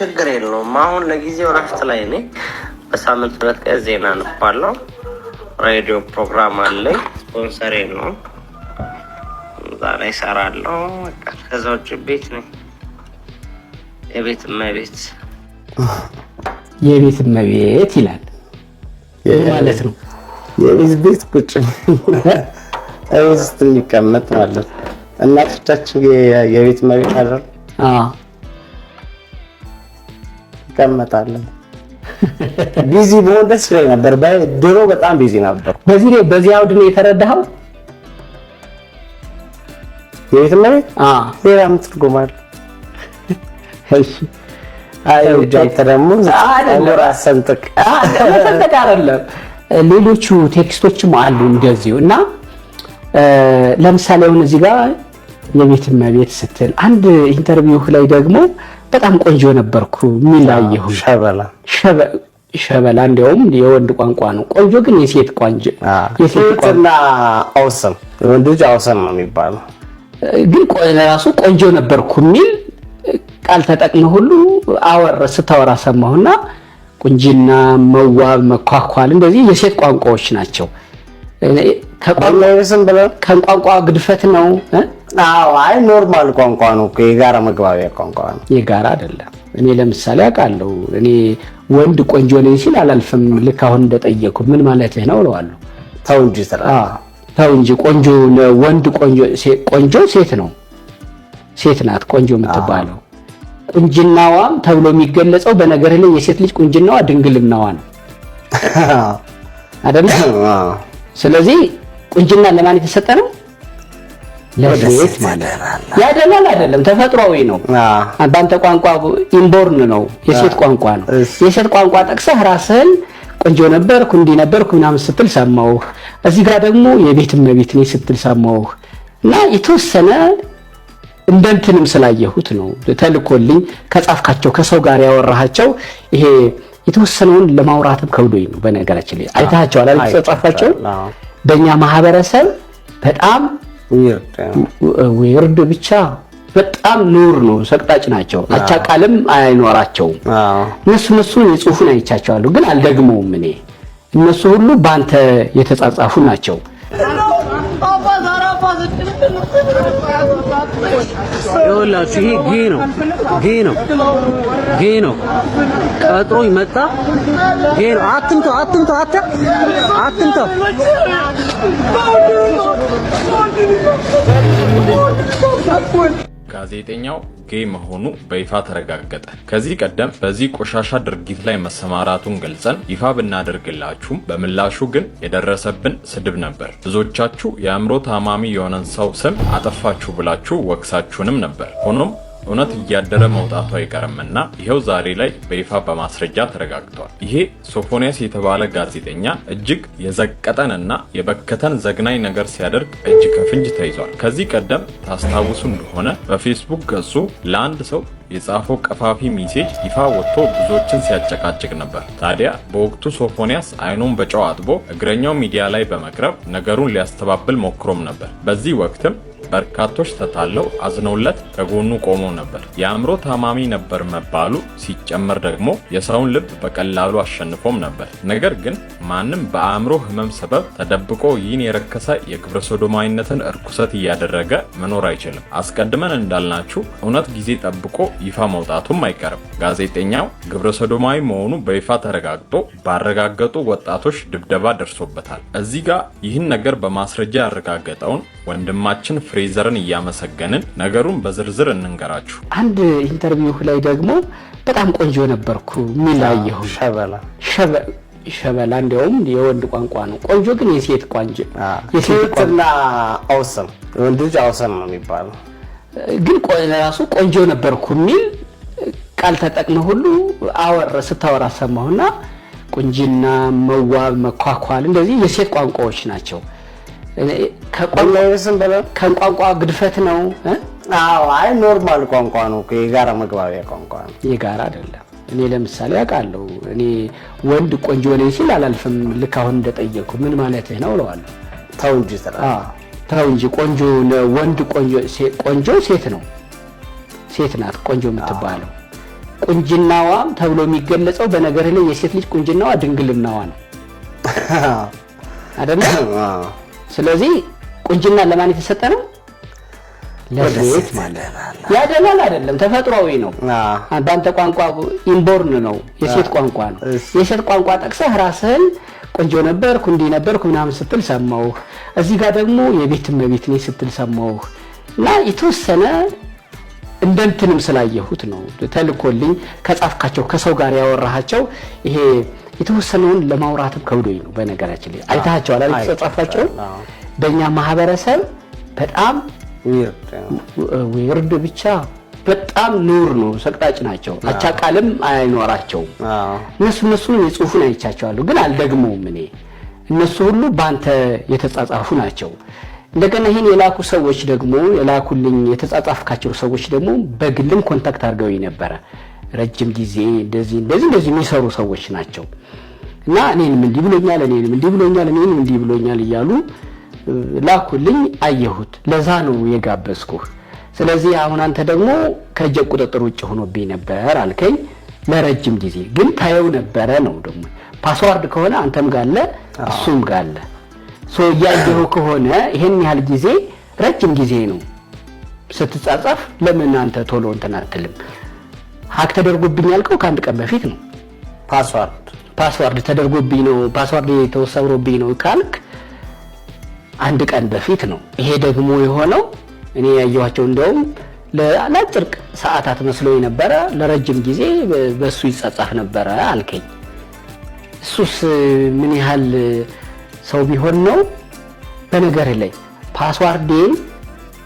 ችግር የለውም። አሁን ለጊዜው ረፍት ላይ እኔ በሳምንት ሁለት ቀን ዜና አነባለሁ። ሬዲዮ ፕሮግራም አለኝ። ስፖንሰሬ ነው፣ እዛ ላይ እሰራለሁ። ከዛ ውጭ ቤት ነኝ። የቤት እመቤት የቤት እመቤት ይላል ማለት ነው። የቤት ቤት ቁጭ ቤት ውስጥ የሚቀመጥ ማለት እናቶቻችን የቤት እመቤት አለ ይቀመጣለን። ቢዚ በሆን ደስ ይለኝ ነበር። ድሮ በጣም ቢዚ ነበር። በዚህ ላይ በዚህ አውድ ነው የተረዳኸው። የቤት መሬት ሌላ ምትርጉማል። ትርጉም አንተ ደግሞ ሰንጥቅ ሰንጥቅ አይደለም። ሌሎቹ ቴክስቶችም አሉ እንደዚሁ እና ለምሳሌ አሁን እዚህ ጋር የቤት እመቤት ስትል አንድ ኢንተርቪው ላይ ደግሞ በጣም ቆንጆ ነበርኩ ሚል አየሁ። ሸበላ ሸበላ እንዲያውም የወንድ ቋንቋ ነው። ቆንጆ ግን የሴት ቋንጆ የሴትና አውሰም ወንድ ልጅ አውሰም ነው የሚባለው። ግን ለራሱ ቆንጆ ነበርኩ ሚል ቃል ተጠቅመ ሁሉ አወር ስታወራ ሰማሁና ቁንጅና፣ መዋብ፣ መኳኳል እንደዚህ የሴት ቋንቋዎች ናቸው። ከቋንቋ ግድፈት ነው አይ ኖርማል ቋንቋ ነው የጋራ መግባቢያ ቋንቋ ነው። የጋራ አይደለም። እኔ ለምሳሌ አውቃለሁ። እኔ ወንድ ቆንጆ ነኝ ሲል አላልፍም። ልክ አሁን እንደጠየኩ ምን ማለትህ ነው እለዋለሁ። ተው እንጂ ስራ ተው እንጂ ቆንጆ ወንድ ቆንጆ ሴት ነው ሴት ናት ቆንጆ የምትባለው። ቁንጅናዋ ተብሎ የሚገለጸው በነገር ላይ የሴት ልጅ ቁንጅናዋ ድንግልናዋ ነው አይደለ? ስለዚህ ቁንጅና ለማን የተሰጠ ነው? ለቤት ያደላል አይደለም፣ ተፈጥሯዊ ነው። በአንተ ቋንቋ ኢምቦርን ነው፣ የሴት ቋንቋ ነው። የሴት ቋንቋ ጠቅሰህ ራስህን ቆንጆ ነበርኩ እንዲህ ነበርኩ ምናምን ስትል ሰማሁህ። እዚህ ጋር ደግሞ የቤት እመቤት ነኝ ስትል ሰማሁህ እና የተወሰነ እንደንትንም ስላየሁት ነው ተልኮልኝ ከጻፍካቸው ከሰው ጋር ያወራሃቸው ይሄ የተወሰነውን ለማውራትም ከብዶኝ ነው። በነገራችን ላይ አይታቸዋል፣ ጻፋቸው በእኛ ማህበረሰብ በጣም ዊርድ ብቻ በጣም ኑር ነው። ሰቅጣጭ ናቸው። አቻ ቃልም አይኖራቸውም። እነሱ እነሱ የጽሁፉን አይቻቸዋለሁ፣ ግን አልደግመውም እኔ እነሱ ሁሉ በአንተ የተጻጻፉ ናቸው። ይኸውላችሁ ይሄ ጌ ነው ጌ ነው ጌ ነው። ቀጥሮ ይመጣ ጌ ነው። አትምቶ አትምቶ አትምቶ ጋዜጠኛው ጌ መሆኑ በይፋ ተረጋገጠ። ከዚህ ቀደም በዚህ ቆሻሻ ድርጊት ላይ መሰማራቱን ገልጸን ይፋ ብናደርግላችሁም በምላሹ ግን የደረሰብን ስድብ ነበር። ብዙዎቻችሁ የአእምሮ ታማሚ የሆነን ሰው ስም አጠፋችሁ ብላችሁ ወቅሳችሁንም ነበር። ሆኖም እውነት እያደረ መውጣቱ አይቀርምና ይኸው ዛሬ ላይ በይፋ በማስረጃ ተረጋግቷል። ይሄ ሶፎንያስ የተባለ ጋዜጠኛ እጅግ የዘቀጠንና የበከተን ዘግናኝ ነገር ሲያደርግ እጅ ከፍንጅ ተይዟል። ከዚህ ቀደም ታስታውሱ እንደሆነ በፌስቡክ ገጹ ለአንድ ሰው የጻፈው ቀፋፊ ሚሴጅ ይፋ ወጥቶ ብዙዎችን ሲያጨቃጭቅ ነበር። ታዲያ በወቅቱ ሶፎንያስ አይኑን በጨው አጥቦ እግረኛው ሚዲያ ላይ በመቅረብ ነገሩን ሊያስተባብል ሞክሮም ነበር። በዚህ ወቅትም በርካቶች ተታለው አዝነውለት ከጎኑ ቆመው ነበር። የአእምሮ ታማሚ ነበር መባሉ ሲጨመር ደግሞ የሰውን ልብ በቀላሉ አሸንፎም ነበር። ነገር ግን ማንም በአእምሮ ህመም ሰበብ ተደብቆ ይህን የረከሰ የግብረ ሶዶማዊነትን እርኩሰት እያደረገ መኖር አይችልም። አስቀድመን እንዳልናችሁ እውነት ጊዜ ጠብቆ ይፋ መውጣቱም አይቀርም። ጋዜጠኛው ግብረ ሶዶማዊ መሆኑ በይፋ ተረጋግጦ ባረጋገጡ ወጣቶች ድብደባ ደርሶበታል። እዚህ ጋር ይህን ነገር በማስረጃ ያረጋገጠውን ወንድማችን ፍሬዘርን እያመሰገንን ነገሩን በዝርዝር እንንገራችሁ። አንድ ኢንተርቪው ላይ ደግሞ በጣም ቆንጆ ነበርኩ ሚል ሸበላ ሸበላ እንዲያውም የወንድ ቋንቋ ነው። ቆንጆ ግን የሴት ቋንጆ ና አውሰም ወንድ ልጅ አውሰም ነው የሚባለው። ግን ራሱ ቆንጆ ነበርኩ የሚል ቃል ተጠቅመ ሁሉ አወር ስታወራ ሰማሁና ቁንጅና፣ መዋብ፣ መኳኳል እንደዚህ የሴት ቋንቋዎች ናቸው። ከቋንቋ ግድፈት ነው። አይ ኖርማል ቋንቋ ነው፣ የጋራ መግባቢያ ቋንቋ ነው። የጋራ አይደለም። እኔ ለምሳሌ አውቃለሁ። እኔ ወንድ ቆንጆ ነኝ ሲል አላልፍም። ልክ አሁን እንደጠየቅኩ ምን ማለትህ ነው እለዋለሁ። ተው እንጂ ተው እንጂ ቆንጆ ወንድ ቆንጆ ሴት ነው፣ ሴት ናት ቆንጆ የምትባለው። ቁንጅናዋ ተብሎ የሚገለጸው በነገር ላይ የሴት ልጅ ቁንጅናዋ ድንግልናዋ ነው አይደለ? ስለዚህ ቁንጅና ለማን የተሰጠ ነው? ለሴት ማለት ያደላል አይደለም፣ ተፈጥሯዊ ነው። በአንተ ቋንቋ ኢንቦርን ነው፣ የሴት ቋንቋ ነው። የሴት ቋንቋ ጠቅሰህ ራስህን ቆንጆ ነበርኩ እንዲህ ነበርኩ ምናምን ስትል ሰማሁህ። እዚህ ጋር ደግሞ የቤት እመቤት ነኝ ስትል ሰማሁህ እና የተወሰነ እንደንትንም ስላየሁት ነው ተልኮልኝ ከጻፍካቸው ከሰው ጋር ያወራሃቸው ይሄ የተወሰነውን ለማውራትም ከብዶኝ ነው። በነገራችን ላይ አይታቸዋል ተጻፋቸው በእኛ ማህበረሰብ በጣም ዊርድ ብቻ በጣም ኑር ነው፣ ሰቅጣጭ ናቸው። አቻቃልም አይኖራቸውም። እነሱ እነሱ የጽሁፉን አይቻቸዋለሁ፣ ግን አልደግመውም። እኔ እነሱ ሁሉ በአንተ የተጻጻፉ ናቸው። እንደገና ይህን የላኩ ሰዎች ደግሞ የላኩልኝ የተጻጻፍካቸው ሰዎች ደግሞ በግልም ኮንታክት አድርገው ነበረ ረጅም ጊዜ እንደዚህ እንደዚህ እንደዚህ የሚሰሩ ሰዎች ናቸው እና እኔንም እንዲህ ብሎኛል፣ እኔንም እንዲህ ብሎኛል፣ እኔንም እንዲህ ብሎኛል እያሉ ላኩልኝ። አየሁት። ለዛ ነው የጋበዝኩህ። ስለዚህ አሁን አንተ ደግሞ ከእጀ ቁጥጥር ውጭ ሆኖብኝ ነበር አልከኝ። ለረጅም ጊዜ ግን ታየው ነበረ ነው ደግሞ ፓስዋርድ ከሆነ አንተም ጋለ እሱም ጋለ እያየሁ ከሆነ ይሄን ያህል ጊዜ ረጅም ጊዜ ነው ስትጻጻፍ፣ ለምን አንተ ቶሎ እንትን አትልም? ሀክ ተደርጎብኝ ያልከው ከአንድ ቀን በፊት ነው። ፓስዋርድ ፓስዋርድ ተደርጎብኝ ነው ፓስዋርድ ተሰብሮብኝ ነው ካልክ አንድ ቀን በፊት ነው። ይሄ ደግሞ የሆነው እኔ ያየኋቸው እንደውም ለአጭር ሰዓታት መስሎ ነበረ። ለረጅም ጊዜ በእሱ ይጻጻፍ ነበረ አልከኝ። እሱስ ምን ያህል ሰው ቢሆን ነው? በነገር ላይ ፓስዋርዴን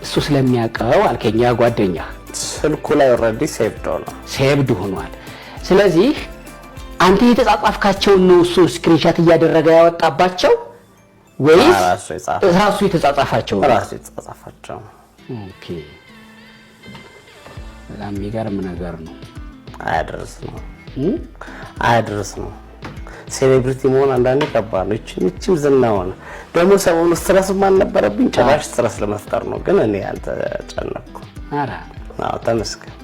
እሱ ስለሚያውቀው አልከኝ ያ ጓደኛ ስልኩ ላይ ኦልሬዲ ሴቭድ ሆኗል፣ ሴቭድ ሆኗል። ስለዚህ አንተ የተጻጻፍካቸውን ነው እሱ ስክሪንሻት እያደረገ ያወጣባቸው ወይስ ራሱ የተጻጻፋቸው? ራሱ የተጻጻፋቸው። ኦኬ፣ በጣም የሚገርም ነገር ነው። ነው ነው። ሴሌብሪቲ መሆን አንዳንዴ ከባድ ነው። ይችም ይችም ዝና ሆነ ደግሞ ሰሞኑ ስትረስም አልነበረብኝ ጭራሽ ስትረስ ለመፍጠር ነው። ግን እኔ አልተጨነቅኩም። ተመስገን።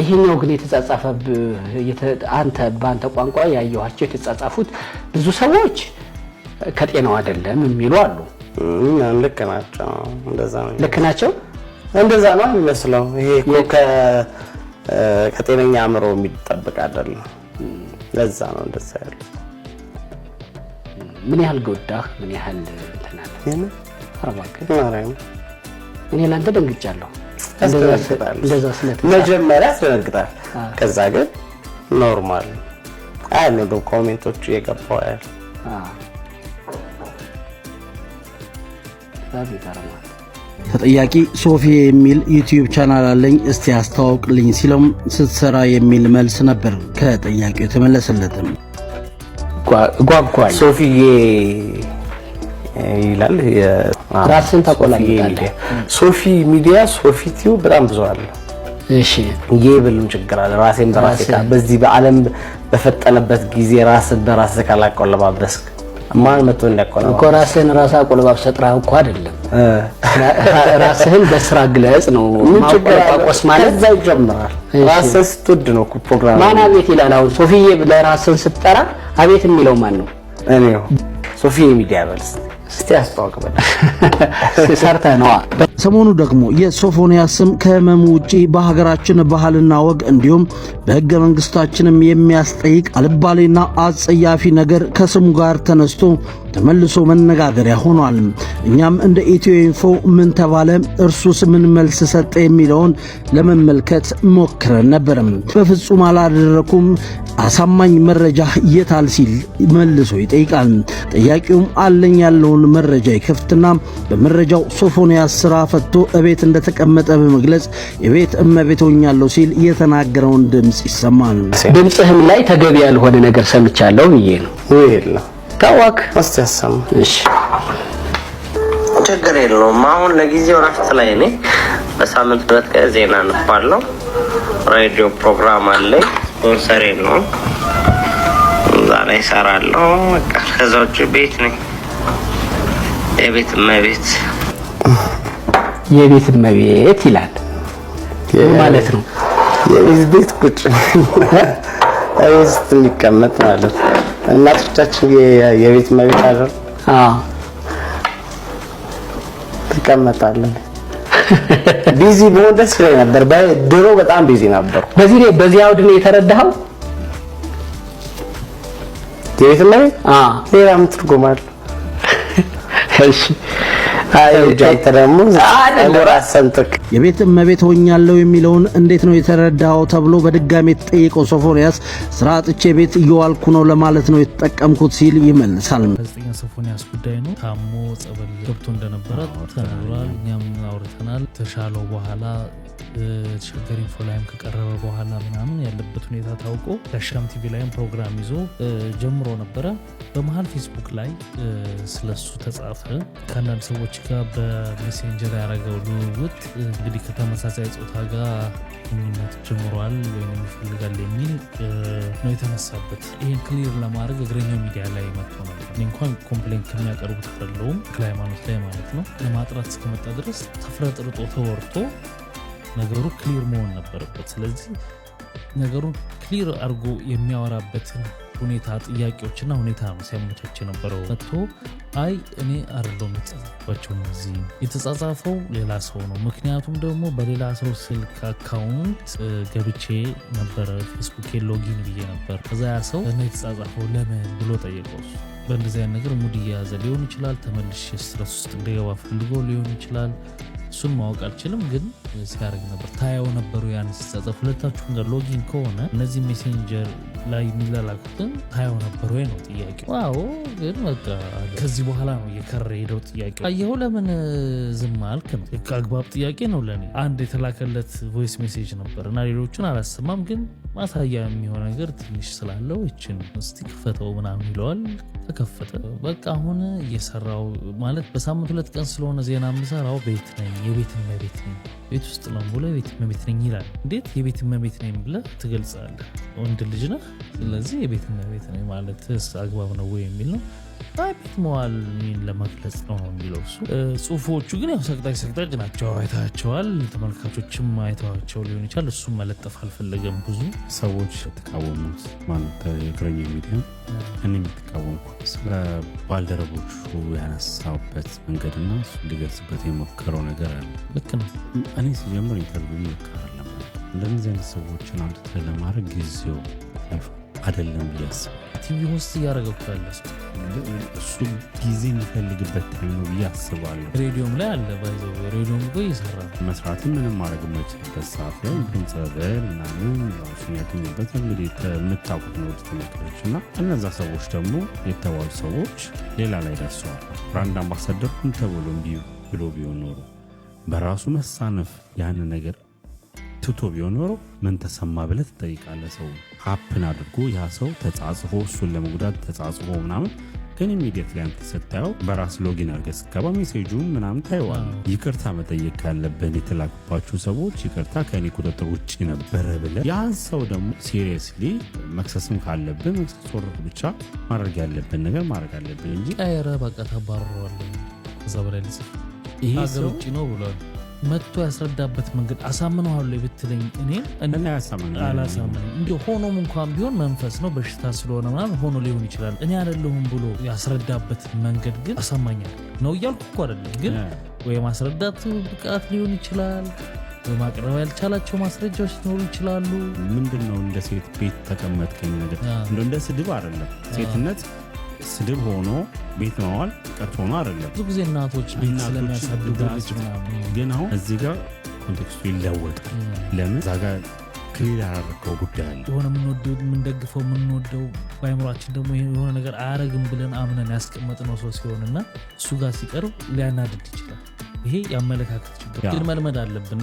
ይሄኛው ግን የተጻጻፈብህ አንተ በአንተ ቋንቋ ያየኋቸው የተጻጻፉት ብዙ ሰዎች ከጤናው አይደለም የሚሉ አሉ። ልክ ናቸው፣ ልክ ናቸው። እንደዛ ነው የሚመስለው። ይሄ ከጤነኛ አእምሮ የሚጠበቅ አይደለም። ለዛ ነው እንደዛ ያሉ። ምን ያህል ጎዳህ? ምን ያህል ተናለ? እኔ ለአንተ ደንግጫለሁ። መጀመሪያ ያስደነግጣል፣ ከዛ ግን ኖርማል አያለ ኮሜንቶቹ የገባው ያል ተጠያቂ ሶፊ የሚል ዩቲዩብ ቻናል አለኝ እስቲ አስተዋውቅልኝ ሲለም ስትሰራ የሚል መልስ ነበር ከጠያቂው የተመለሰለትም ጓጓ ሶፊዬ ይላል። ራስን ተቆላምጣለህ። ሶፊ ሚዲያ ሶፊ ቲዩብ በጣም ብዙ አለ። እሺ የብልም ችግር አለ። ራሴን በራሴ በዚህ በዓለም በፈጠነበት ጊዜ ራስን በራስ ካላቆለባበስክ ማን መጥቶ እንዳቆለባ እኮ ራስህን ራስ አቆለባብ ሰጥራ እኮ አይደለም። ራስህን በስራ ግለጽ ነው ማቆለባቆስ ማለት ዛ ይጀምራል። ራስህን ስትወድ ነው እኮ ፕሮግራም። ማን አቤት ይላል? አሁን ሶፊዬ ብለህ ራስህን ስትጠራ አቤት የሚለው ማን ነው? እኔው ሶፊዬ ሚዲያ በልስ እስቲ ነዋ። ሰሞኑ ደግሞ የሶፎንያስ ስም ከህመሙ ውጪ በሀገራችን ባህልና ወግ እንዲሁም በህገ መንግስታችንም የሚያስጠይቅ አልባሌና አጸያፊ ነገር ከስሙ ጋር ተነስቶ ተመልሶ መነጋገሪያ ሆኗል። እኛም እንደ ኢትዮ ኢንፎ ምን ተባለ፣ እርሱስ ምን መልስ ሰጠ የሚለውን ለመመልከት ሞክረን ነበር። በፍጹም አላደረኩም፣ አሳማኝ መረጃ የታል ሲል መልሶ ይጠይቃል። ጥያቄውም አለኝ ያለውን መረጃ ይከፍትና በመረጃው ሶፎንያስ ስራ ፈቶ እቤት እንደተቀመጠ በመግለጽ የቤት እመቤት ሆኛለሁ ሲል የተናገረውን ድምፅ ይሰማል። ድምፅህም ላይ ተገቢ ያልሆነ ነገር ሰምቻለሁ ብዬ ነው። ታዋክ እስቲ ያሰማ። እሺ ችግር የለውም። አሁን ለጊዜው ረፍት ላይ ነኝ። በሳምንት ሁለት ቀን ዜና እንባለው። ሬዲዮ ፕሮግራም አለኝ። ስፖንሰር የለውም። እዛ ላይ እሰራለሁ። ከዛ ውጭ ቤት ነኝ። የቤት እመቤት የቤት እመቤት ይላል ማለት ነው። የቤት ቤት ቁጭ ቤት የሚቀመጥ ማለት ነው። እናቶቻችን የቤት መቤት አይደል? ትቀመጣለን። ቢዚ በሆን ደስ ይለኝ ነበር። ድሮ በጣም ቢዚ ነበሩ። በዚህ ላይ በዚህ አውድ ነው የተረዳኸው? የቤት መቤት ሌላ ምን ትርጉም አለው? እሺ የቤት እመቤት ሆኛለሁ የሚለውን እንዴት ነው የተረዳው ተብሎ በድጋሚ የተጠየቀው ሶፎንያስ ስራ አጥቼ ቤት እየዋልኩ ነው ለማለት ነው የተጠቀምኩት ሲል ይመልሳል። ጋዜጠኛ ሶፎንያስ ጉዳይ ነው። ታሞ ጸበል ገብቶ እንደነበረ ተነግሯል። እኛም አውርተናል። ተሻለው በኋላ ተሻገር ኢንፎ ላይም ከቀረበ በኋላ ምናምን ያለበት ሁኔታ ታውቆ ዳሽካም ቲቪ ላይም ፕሮግራም ይዞ ጀምሮ ነበረ። በመሀል ፌስቡክ ላይ ስለሱ ተጻፈ። ከአንዳንድ ሰዎች ጋር በሜሴንጀር ያደረገው ልውውጥ እንግዲህ ከተመሳሳይ ፆታ ጋር ግንኙነት ጀምሯል ወይም ይፈልጋል የሚል ነው የተነሳበት። ይህን ክሊር ለማድረግ እግረኛ ሚዲያ ላይ መጥቶ ነበር። እንኳን ኮምፕሌንት ከሚያቀርቡት አይደለሁም፣ ከሃይማኖት ላይ ማለት ነው። ለማጥራት እስከመጣ ድረስ ተፍረጥርጦ ተወርቶ ነገሩ ክሊር መሆን ነበረበት። ስለዚህ ነገሩን ክሊር አድርጎ የሚያወራበትን ሁኔታ ጥያቄዎችና ሁኔታ ነው ሲያመቻች የነበረው መጥቶ አይ እኔ አይደለሁም የተጻጻፍኳቸው እነዚህ የተጻጻፈው ሌላ ሰው ነው። ምክንያቱም ደግሞ በሌላ ሰው ስልክ አካውንት ገብቼ ነበረ ፌስቡክ ሎጊን ብዬ ነበር። ከዛ ያ ሰው እነ የተጻጻፈው ለምን ብሎ ጠየቀው። በእንደዚህ ነገር ሙድ እየያዘ ሊሆን ይችላል። ተመልሼ ስረስ ውስጥ እንደገባ ፈልጎ ሊሆን ይችላል። እሱን ማወቅ አልችልም፣ ግን ሲያደርግ ነበር ታየው ነበሩ ያን ሲጻጸፍ። ሁለታችሁም ጋር ሎጊን ከሆነ እነዚህ ሜሴንጀር ላይ የሚላላኩትን ታየው ነበር ወይ ነው ጥያቄ። አዎ፣ ግን በቃ ከዚህ በኋላ ነው የከረ ሄደው ጥያቄው። አየኸው ለምን ዝም አልክ ነው አግባብ ጥያቄ ነው ለእኔ። አንድ የተላከለት ቮይስ ሜሴጅ ነበር እና ሌሎቹን አላሰማም፣ ግን ማሳያ የሚሆን ነገር ትንሽ ስላለው ይችን እስቲ ክፈተው ምናምን ይለዋል። ተከፈተ። በቃ አሁን እየሰራው ማለት በሳምንት ሁለት ቀን ስለሆነ ዜና የምሰራው ቤት ነኝ፣ የቤት እመቤት ነኝ፣ ቤት ውስጥ ነው ብሎ የቤት እመቤት ነኝ ይላል። እንዴት የቤት እመቤት ነኝ ብለህ ትገልጻለህ? ወንድ ልጅ ነህ ስለዚህ የቤትና ቤት ነው ማለትስ አግባብ ነው ወይ የሚል ነው። ቤት መዋል ሚን ለመግለጽ ነው ነው የሚለው እሱ። ጽሁፎቹ ግን ያው ሰቅጣጅ ሰቅጣጅ ናቸው፣ አይታቸዋል። ተመልካቾችም አይተዋቸው ሊሆን ይችላል። እሱም መለጠፍ አልፈለገም። ብዙ ሰዎች ተቃወሙት። ማለት የእግረኛ ሚዲያ እኔ የተቃወምኩ ስለ ባልደረቦቹ ያነሳበት መንገድና እሱ እንዲገልጽበት የሞከረው ነገር አለ። ልክ ነው። እኔ ሲጀምር ኢንተርቪው ይሞከራል። እንደዚህ አይነት ሰዎችን አንድ ለማድረግ ጊዜው አይደለም ብዬ አስባለሁ። ቲቪ ውስጥ እያደረገው ያለ እሱ ጊዜ የሚፈልግበት ታይም ነው ብዬ አስባለሁ። ሬዲዮም ላይ አለ ባይዘ ሬዲዮም እኮ እየሰራ መስራትም ምንም ማድረግ መችልበት ሰዓት ላይ ድምፀበል ምናምን ራሱን ያገኝበት እንግዲህ የምታውቁት ነው ተመልካቾች እና እነዛ ሰዎች ደግሞ የተባሉ ሰዎች ሌላ ላይ ደርሰዋል። ብራንድ አምባሳደር ተብሎ ብሎ ቢሆን ኖሮ በራሱ መሳነፍ ያንን ነገር ትቶ ቢሆን ኖሮ ምን ተሰማ ብለ ትጠይቃለ። ሰው ሀፕን አድርጎ ያ ሰው ተጻጽፎ እሱን ለመጉዳት ተጻጽፎ ምናምን ግን ኢሚዲየት ላይ አንተ ስታየው በራስ ሎጊን አድርገህ ስትገባ ሜሴጁ ምናምን ታየዋል። ይቅርታ መጠየቅ ካለብህን የተላኩባችሁ ሰዎች ይቅርታ ከእኔ ቁጥጥር ውጭ ነበረ ብለ ያን ሰው ደግሞ ሲሪየስሊ መክሰስም ካለብን መክሰስ ብቻ ማድረግ ያለብን ነገር ማድረግ አለብን እንጂ ቀይረህ በቃ ተባረዋለ ዛበላይ በላይ ይሄ ሰው ውጭ ነው ብሏል መጥቶ ያስረዳበት መንገድ አሳምነዋለሁ ብትለኝ እኔም አላሳምንም። ሆኖም እንኳን ቢሆን መንፈስ ነው በሽታ ስለሆነ ምናምን ሆኖ ሊሆን ይችላል። እኔ አደለሁም ብሎ ያስረዳበት መንገድ ግን አሳማኛል ነው እያልኩ እኮ አደለም ግን ወይ ማስረዳት ብቃት ሊሆን ይችላል በማቅረብ ያልቻላቸው ማስረጃዎች ሊኖሩ ይችላሉ። ምንድን ነው እንደ ሴት ቤት ተቀመጥከኝ ነገር እንደ ስድብ አደለም ሴትነት ስድብ ሆኖ ቤት መዋል ቀርቶ ሆኖ አይደለም። ብዙ ጊዜ እናቶች ቤት ስለሚያሳድጉ ግን አሁን እዚህ ጋር ኮንቴክስቱ ይለወጣል። ለምን እዛ ጋር ክሊል ያላረከው ጉዳይ አለ። የሆነ የምንወደው የምንደግፈው የምንወደው በአይምሯችን ደግሞ የሆነ ነገር አያረግም ብለን አምነን ያስቀመጥነው ሰው ሲሆንና እሱ ጋር ሲቀርብ ሊያናድድ ይችላል። ይሄ የአመለካከት ችግር ግን መልመድ አለብን።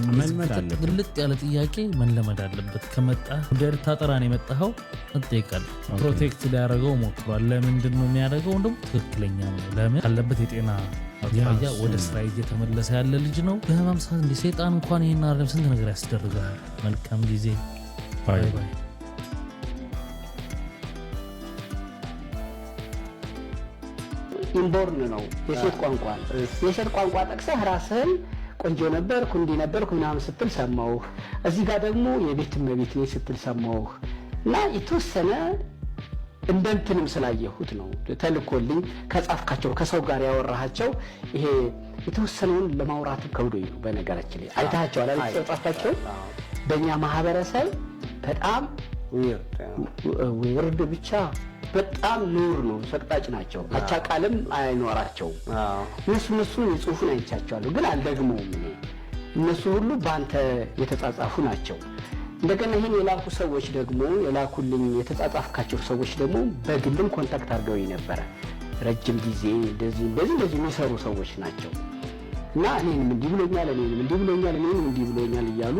ግልጥ ያለ ጥያቄ መለመድ አለበት። ከመጣ ደር ታጠራን የመጣኸው እጠይቃል። ፕሮቴክት ሊያደርገው ሞክሯል። ለምንድን ነው የሚያደርገው? እንደውም ትክክለኛ ነው። ለምን ካለበት የጤና አኳያ ወደ ስራ እየተመለሰ ያለ ልጅ ነው። በህመም ሰዓት እንዲህ ሰይጣን እንኳን ይህን አረም ስንት ነገር ያስደርጋል። መልካም ጊዜ። ባይ ባይ ኢንቦርን ነው የሴት ቋንቋ። የሴት ቋንቋ ጠቅሰህ ራስህን ቆንጆ ነበርኩ እንዲህ ነበርኩ ምናምን ስትል ሰማሁህ። እዚህ ጋር ደግሞ የቤት እመቤት ነኝ ስትል ሰማሁህ እና የተወሰነ እንደምትንም ስላየሁት ነው ተልኮልኝ ከጻፍካቸው ከሰው ጋር ያወራሃቸው ይሄ የተወሰነውን ለማውራት ከብዶኝ ነው። በነገራችን ላይ አይታቸዋል ጻፍካቸው በእኛ ማህበረሰብ በጣም ዊርድ ብቻ በጣም ኑር ነው፣ ሰቅጣጭ ናቸው። አቻቃልም አይኖራቸው። አይኖራቸውም። እነሱ እነሱን የጽሁፉን አይቻቸዋለሁ፣ ግን አልደግመውም። እነሱ ሁሉ በአንተ የተጻጻፉ ናቸው። እንደገና ይህን የላኩ ሰዎች ደግሞ የላኩልኝ የተጻጻፍካቸው ሰዎች ደግሞ በግልም ኮንታክት አድርገው ነበረ። ረጅም ጊዜ እንደዚህ እንደዚህ እንደዚህ የሚሰሩ ሰዎች ናቸው እና እኔንም እንዲህ ብሎኛል፣ እኔንም እንዲህ ብሎኛል፣ እኔንም እንዲህ ብሎኛል እያሉ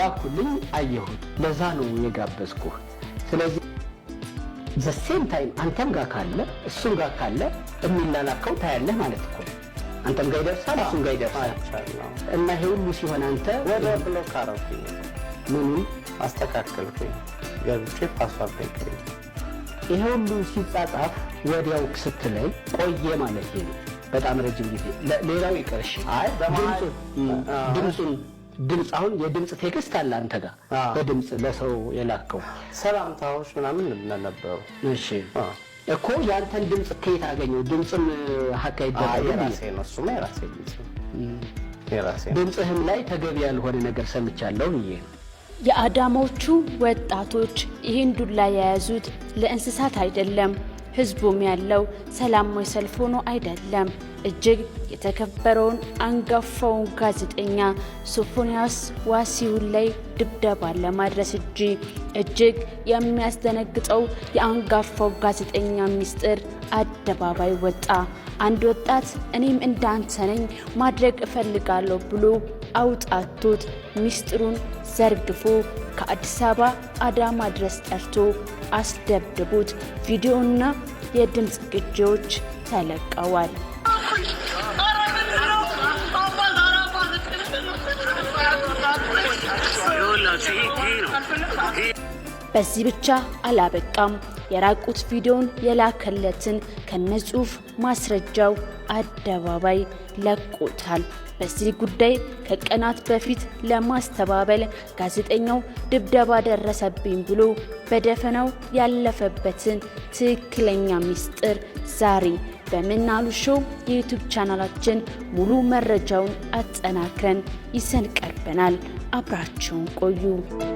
ላኩልኝ፣ አየሁት። ለዛ ነው የጋበዝኩህ። ስለዚህ ዘሴም ታይም አንተም ጋር ካለ እሱም ጋር ካለ የሚላላከው ታያለህ ማለት እኮ አንተም ጋር ይደርሳል፣ እሱም ጋር ይደርሳል። እና ይሄ ሁሉ ሲሆን አንተ ወደ ብሎክ አረኩኝ፣ ምኑን አስተካከልኩኝ፣ ገብቼ ፓስዋርድ ይቀኝ። ይሄ ሁሉ ሲጻጻፍ ወዲያው ስትለይ ቆየ ማለት ነው። በጣም ረጅም ጊዜ ሌላው ይቀርሽ ድምፁን ድምፅ አሁን የድምፅ ቴክስት አለ አንተ ጋር በድምፅ ለሰው የላከው ሰላምታዎች ምናምን ነበሩ። እሺ እኮ የአንተን ድምፅ ከየት አገኘው? ድምፅም ሀካ ይደረጋል። ድምፅህም ላይ ተገቢ ያልሆነ ነገር ሰምቻለሁ ብዬ የአዳማዎቹ ወጣቶች ይህን ዱላ የያዙት ለእንስሳት አይደለም ህዝቡም ያለው ሰላማዊ ሰልፍ ሆኖ አይደለም። እጅግ የተከበረውን አንጋፋውን ጋዜጠኛ ሶፎንያስ ዋሲውን ላይ ድብደባን ለማድረስ እጂ እጅግ የሚያስደነግጠው የአንጋፋው ጋዜጠኛ ሚስጥር አደባባይ ወጣ። አንድ ወጣት እኔም እንዳንተ ነኝ ማድረግ እፈልጋለሁ ብሎ አውጣቶት ምስጢሩን ዘርግፎ ከአዲስ አበባ አዳማ ድረስ ጠርቶ አስደብድቡት። ቪዲዮና የድምፅ ቅጂዎች ተለቀዋል። በዚህ ብቻ አላበቃም። የራቁት ቪዲዮን የላከለትን ከነ ማስረጃው አደባባይ ለቆታል። በዚህ ጉዳይ ከቀናት በፊት ለማስተባበል ጋዜጠኛው ድብደባ ደረሰብኝ ብሎ በደፈናው ያለፈበትን ትክክለኛ ምስጢር ዛሬ በምናሉ ሾው የዩቱብ ቻናላችን ሙሉ መረጃውን አጠናክረን ይዘን ቀርበናል። አብራችሁን ቆዩ።